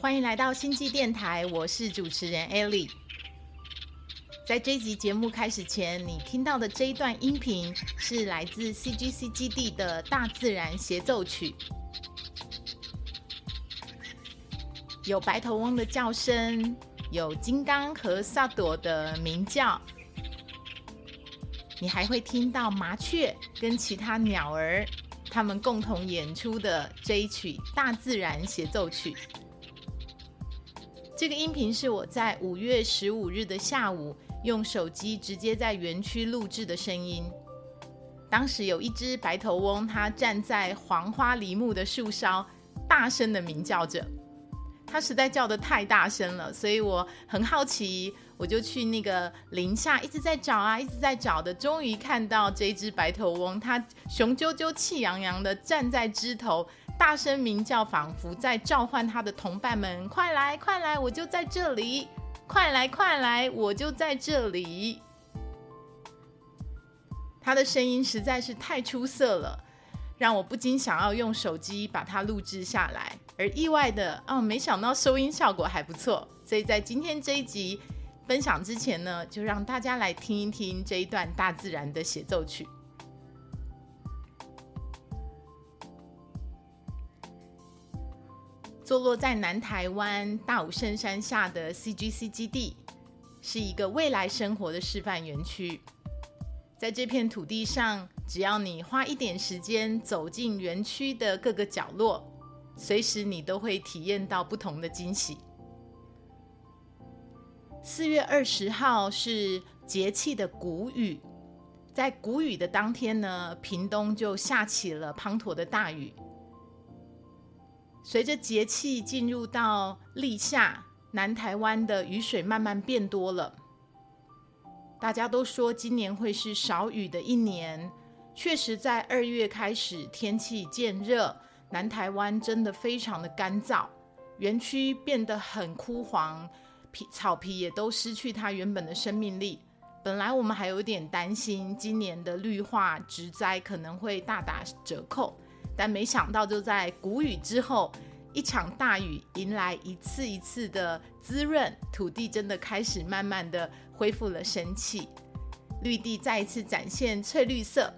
歡迎來到星際電台，我是主持人艾莉。在這集節目開始前，你聽到的這一段音頻是來自 CGC 基地的《大自然協奏曲》，有白頭翁的叫聲，有金剛和薩朵的鳴叫，你還會聽到麻雀跟其他鳥兒他們共同演出的這一曲《大自然協奏曲》。這個音頻是我在五月十五日的下午用手機直接在園區錄製的聲音。當時有一隻白頭翁，它站在黃花梨木的樹梢，大聲的鳴叫着。它實在叫得太大聲了，所以我很好奇，我就去那個林下一直在找啊，一直在找的，終於看到這隻白頭翁，它雄赳赳氣昂昂的站在枝頭。大聲鳴叫，仿佛在召喚他的同伴們：“快來，快來，我就在這裡！快來，快來，我就在這裡！”他的聲音實在是太出色了，讓我不禁想要用手機把它錄製下來。而意外的，啊、哦，沒想到收音效果還不錯。所以在今天這一集分享之前呢，就讓大家來聽一聽這一段大自然的協奏曲。坐落在南臺灣大武山山下的 CGC 基地，是一個未來生活的示範園區。在這片土地上，只要你花一點時間走進園區的各個角落，隨時你都會體驗到不同的驚喜。四月二十號是節氣的穀雨，在穀雨的當天呢，屏東就下起了滂沱的大雨。隨着節氣進入到立夏，南台灣的雨水慢慢變多了。大家都說今年會是少雨的一年，確實，在二月開始天氣漸熱，南台灣真的非常的乾燥，園區變得很枯黃，皮草皮也都失去它原本的生命力。本來我們還有點擔心，今年的綠化植栽可能會大打折扣。但沒想到，就在谷雨之後，一場大雨迎來一次一次的滋潤，土地真的開始慢慢的恢復了生氣，綠地再一次展現翠綠色，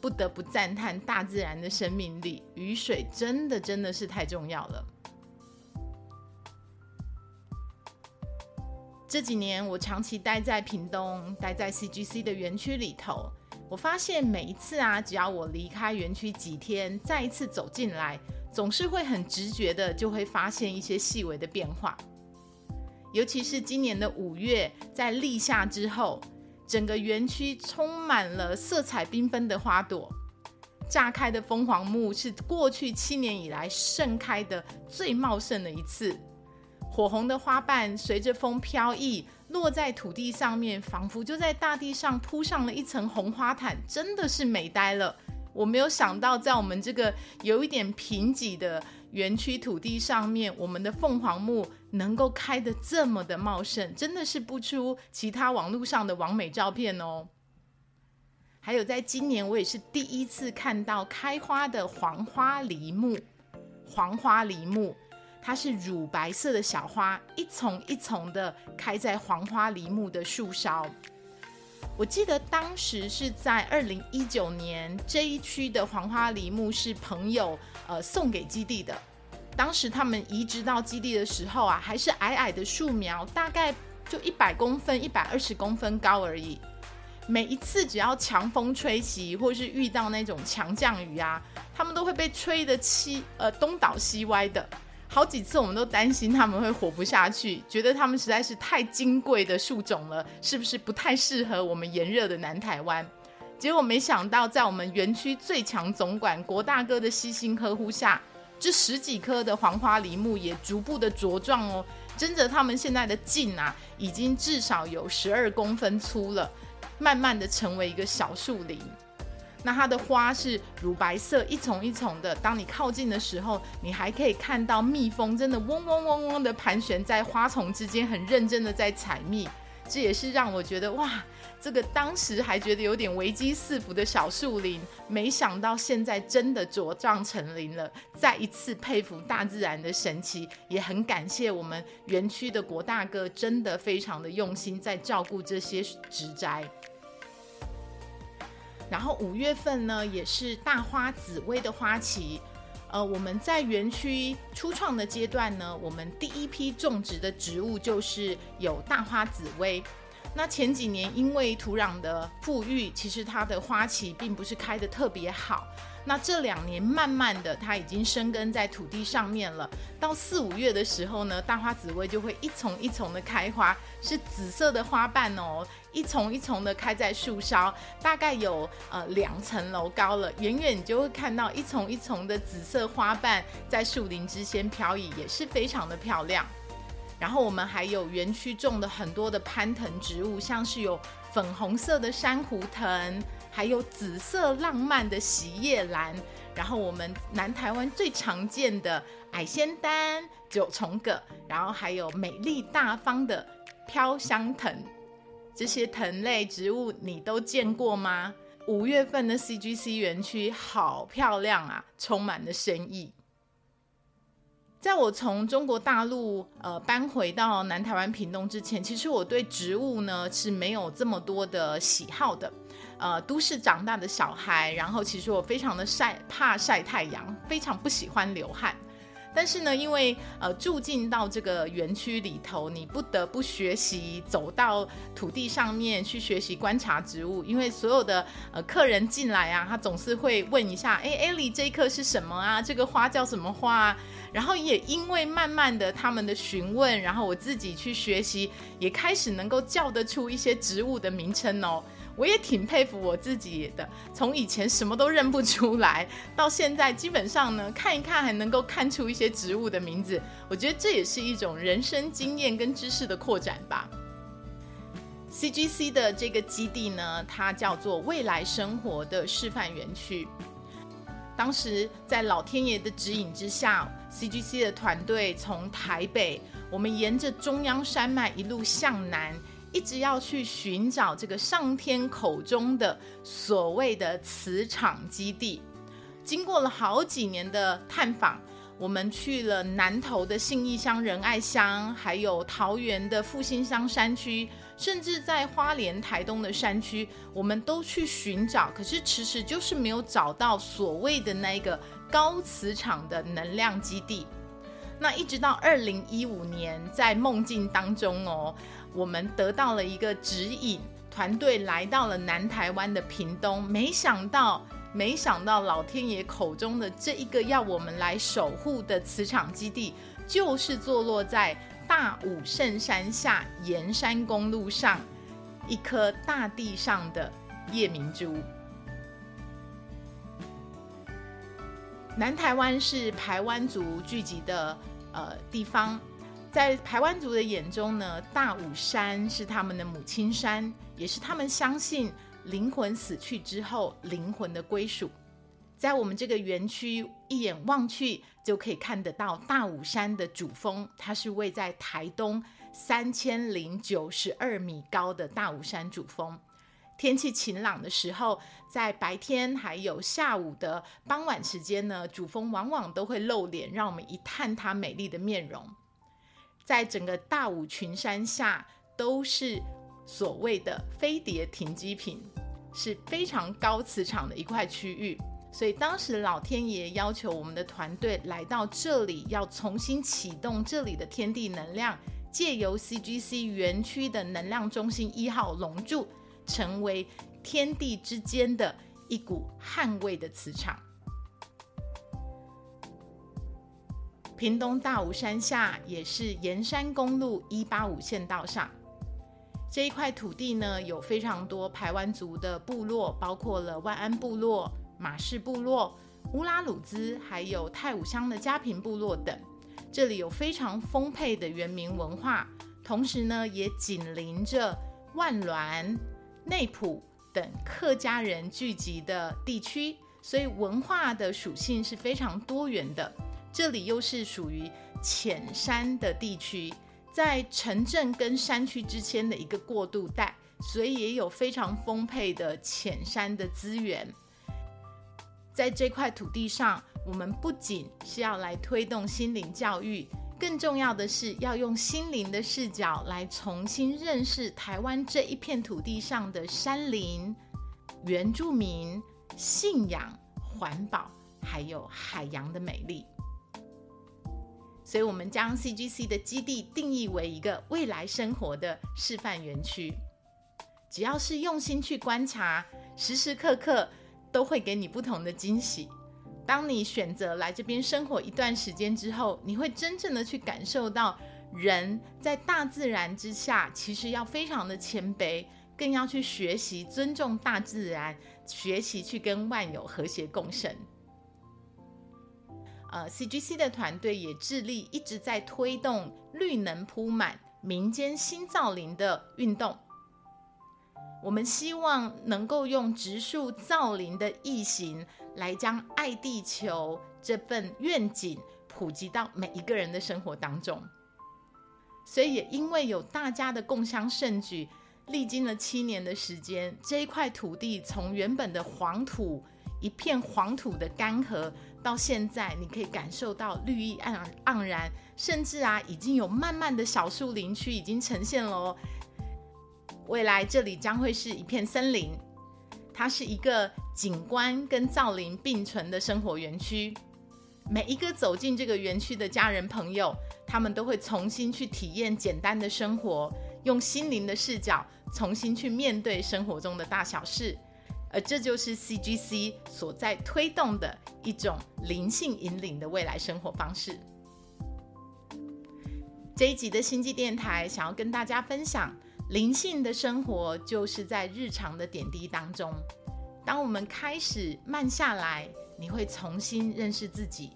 不得不讚嘆大自然的生命力。雨水真的真的是太重要了。這幾年我長期待在屏東，待在 CGC 的園區裡頭。我發現每一次啊，只要我離開園區幾天，再一次走進來，總是會很直覺的就會發現一些細微的變化。尤其是今年的五月，在立夏之後，整個園區充滿了色彩繽紛的花朵，炸開的鳳凰木是過去七年以來盛開的最茂盛的一次。火紅的花瓣隨着風飄逸，落在土地上面，仿佛就在大地上鋪上了一層紅花毯，真的是美呆了。我沒有想到，在我們這個有一點貧瘠的園區土地上面，我們的鳳凰木能夠開得這麼的茂盛，真的是不出其他網絡上的網美照片哦。還有，在今年我也是第一次看到開花的黃花梨木，黃花梨木。它是乳白色的小花，一叢一叢的開在黃花梨木的樹梢。我記得當時是在二零一九年，這一區的黃花梨木是朋友呃送給基地的。當時他們移植到基地的時候啊，還是矮矮的樹苗，大概就一百公分、一百二十公分高而已。每一次只要強風吹襲，或是遇到那種強降雨啊，它們都會被吹得七呃東倒西歪的。好幾次我們都擔心他們會活不下去，覺得它們實在是太金貴的樹種了，是不是不太適合我們炎熱的南台灣？結果沒想到，在我們園區最強總管郭大哥的悉心呵護下，這十幾棵的黃花梨木也逐步的茁壯哦，真的它們現在的莖啊，已經至少有十二公分粗了，慢慢的成為一個小樹林。那它的花是乳白色，一叢一叢的。當你靠近的時候，你還可以看到蜜蜂真的嗡嗡嗡嗡的盤旋在花叢之間，很認真的在採蜜。這也是讓我覺得哇，這個當時還覺得有點危機四伏的小樹林，沒想到現在真的茁壯成林了。再一次佩服大自然的神奇，也很感謝我們園區的郭大哥，真的非常的用心在照顧這些植栽。然後五月份呢，也是大花紫薇的花期。呃，我們在園區初創的階段呢，我們第一批種植的植物就是有大花紫薇。那前幾年因為土壤的富裕，其實它的花期並不是開得特別好。那這兩年慢慢的，它已經生根在土地上面了。到四五月的時候呢，大花紫薇就會一叢一叢的開花，是紫色的花瓣哦，一叢一叢的開在樹梢，大概有呃兩層樓高了。遠遠你就會看到一叢一叢的紫色花瓣在樹林之間飄移，也是非常的漂亮。然後我們還有園區種的很多的攀藤植物，像是有粉紅色的珊瑚藤，還有紫色浪漫的喜葉蘭，然後我們南台灣最常見的矮仙丹、九重葛，然後還有美麗大方的飄香藤，這些藤類植物你都見過嗎？五月份的 CGC 園區好漂亮啊，充滿了生意。在我從中國大陸呃搬回到南台灣屏東之前，其實我對植物呢是沒有這麼多的喜好的，呃，都市長大的小孩，然後其實我非常的曬怕曬太陽，非常不喜歡流汗。但是呢，因為呃住進到這個園區裡頭，你不得不學習走到土地上面去學習觀察植物，因為所有的呃客人進來啊，他總是會問一下，哎，艾莉，這一棵是什麼啊？這個花叫什麼花？然後也因為慢慢的他們的詢問，然後我自己去學習，也開始能夠叫得出一些植物的名稱哦。我也挺佩服我自己的，從以前什麼都認不出來，到現在基本上呢，看一看還能夠看出一些植物的名字。我覺得這也是一種人生經驗跟知識的擴展吧。CGC 的這個基地呢，它叫做未來生活的示範園區。當時在老天爺的指引之下。CGC 的團隊從台北，我們沿着中央山脈一路向南，一直要去尋找這個上天口中的所謂的磁場基地。經過了好幾年的探訪，我們去了南投的信義鄉、仁愛鄉，還有桃園的復興鄉山區，甚至在花蓮、台東的山區，我們都去尋找，可是遲遲就是沒有找到所謂的那個。高磁場的能量基地，那一直到二零一五年，在夢境當中哦，我們得到了一個指引，團隊來到了南台灣的屏東，沒想到，沒想到老天爺口中的這一個要我們來守護的磁場基地，就是坐落在大武聖山下沿山公路上，一顆大地上的夜明珠。南台灣是排灣族聚集的呃地方，在排灣族的眼中呢，大武山是他們的母親山，也是他們相信靈魂死去之後靈魂的歸屬。在我們這個園區，一眼望去就可以看得到大武山的主峰，它是位在台東三千零九十二米高的大武山主峰。天氣晴朗的時候，在白天還有下午的傍晚時間呢，主峰往往都會露臉，讓我們一探它美麗的面容。在整個大武群山下，都是所謂的飛碟停機坪，是非常高磁場的一塊區域。所以當時老天爺要求我們的團隊來到這裡，要重新啟動這裡的天地能量，借由 CGC 園區的能量中心一號龍柱，成為天地之間的一股捍衛的磁場。屏東大武山下也是沿山公路一八五線道上這一塊土地呢，有非常多排灣族的部落，包括了萬安部落、馬氏部落、烏拉魯茲，還有泰武鄉的佳平部落等。這裡有非常豐沛的原民文化，同時呢，也緊鄰着萬巒。內埔等客家人聚集的地區，所以文化的屬性是非常多元的。這裡又是屬於淺山的地區，在城鎮跟山區之間的一個過渡帶，所以也有非常豐沛的淺山的資源。在這塊土地上，我們不僅是要來推動心靈教育。更重要的是，要用心靈的視角來重新認識台灣這一片土地上的山林、原住民、信仰、環保，還有海洋的美麗。所以，我們將 CGC 的基地定義為一個未來生活的示範園區。只要是用心去觀察，時時刻刻都會給你不同的驚喜。當你選擇來這邊生活一段時間之後，你會真正的去感受到，人在大自然之下，其實要非常的謙卑，更要去學習尊重大自然，學習去跟萬有和諧共生。呃，CGC 的團隊也致力一直在推動綠能鋪滿、民間新造林的運動。我們希望能夠用植樹造林的異型。來將愛地球這份願景普及到每一個人的生活當中，所以也因為有大家的共襄盛舉，歷經了七年的時間，這一塊土地從原本的黃土一片黃土的乾涸，到現在你可以感受到綠意盎然，甚至啊已經有慢慢的小樹林區已經呈現了哦。未來這裡將會是一片森林，它是一個。景觀跟造林並存的生活園區，每一個走進這個園區的家人朋友，他們都會重新去體驗簡單的生活，用心靈的視角重新去面對生活中的大小事，而這就是 CGC 所在推動的一種靈性引領的未來生活方式。這一集的星際電台想要跟大家分享，靈性的生活就是在日常的點滴當中。當我們開始慢下來，你會重新認識自己；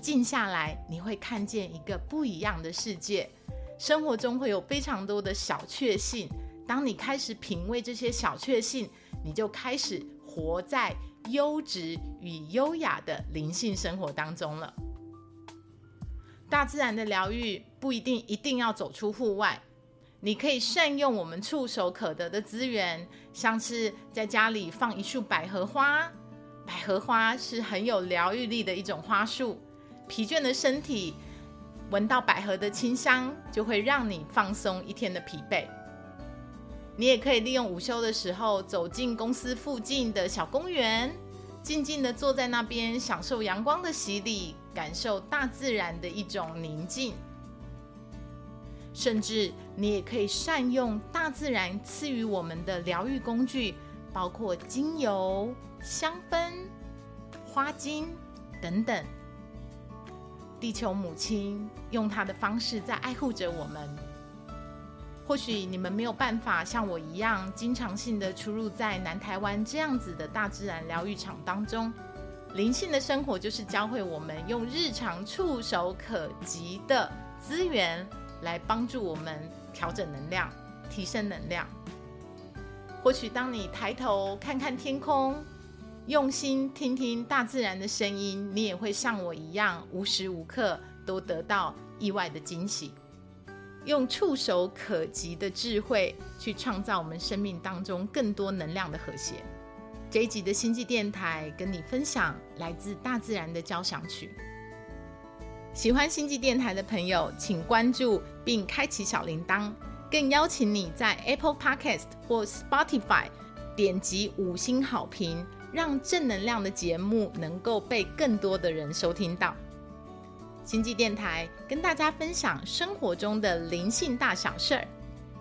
靜下來，你會看見一個不一樣的世界。生活中會有非常多的小確幸，當你開始品味這些小確幸，你就開始活在優質與優雅的靈性生活當中了。大自然的療癒不一定一定要走出戶外。你可以善用我們觸手可得的資源，像是在家裡放一束百合花，百合花是很有療癒力的一種花束。疲倦的身體，聞到百合的清香，就會讓你放鬆一天的疲憊。你也可以利用午休的時候，走進公司附近的小公園，靜靜地坐在那邊，享受陽光的洗禮，感受大自然的一種寧靜。甚至你也可以善用大自然賜予我們的療癒工具，包括精油、香氛、花精等等。地球母親用她的方式在愛護着我們。或許你們沒有辦法像我一樣經常性的出入在南台灣這樣子的大自然療癒場當中。靈性的生活就是教會我們用日常觸手可及的資源。來幫助我們調整能量、提升能量。或許當你抬頭看看天空，用心聽聽大自然的聲音，你也會像我一樣，無時無刻都得到意外的驚喜。用觸手可及的智慧去創造我們生命當中更多能量的和諧。這一集的星際電台跟你分享來自大自然的交響曲。喜歡星際電台的朋友，請關注並開啟小鈴鐺，更邀請你在 Apple Podcast 或 Spotify 點擊五星好評，讓正能量的節目能夠被更多的人收聽到。星際電台跟大家分享生活中的靈性大小事兒，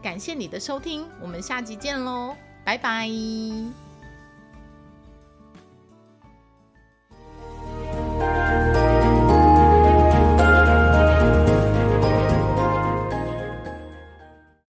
感謝你的收聽，我們下集見嘍，拜拜。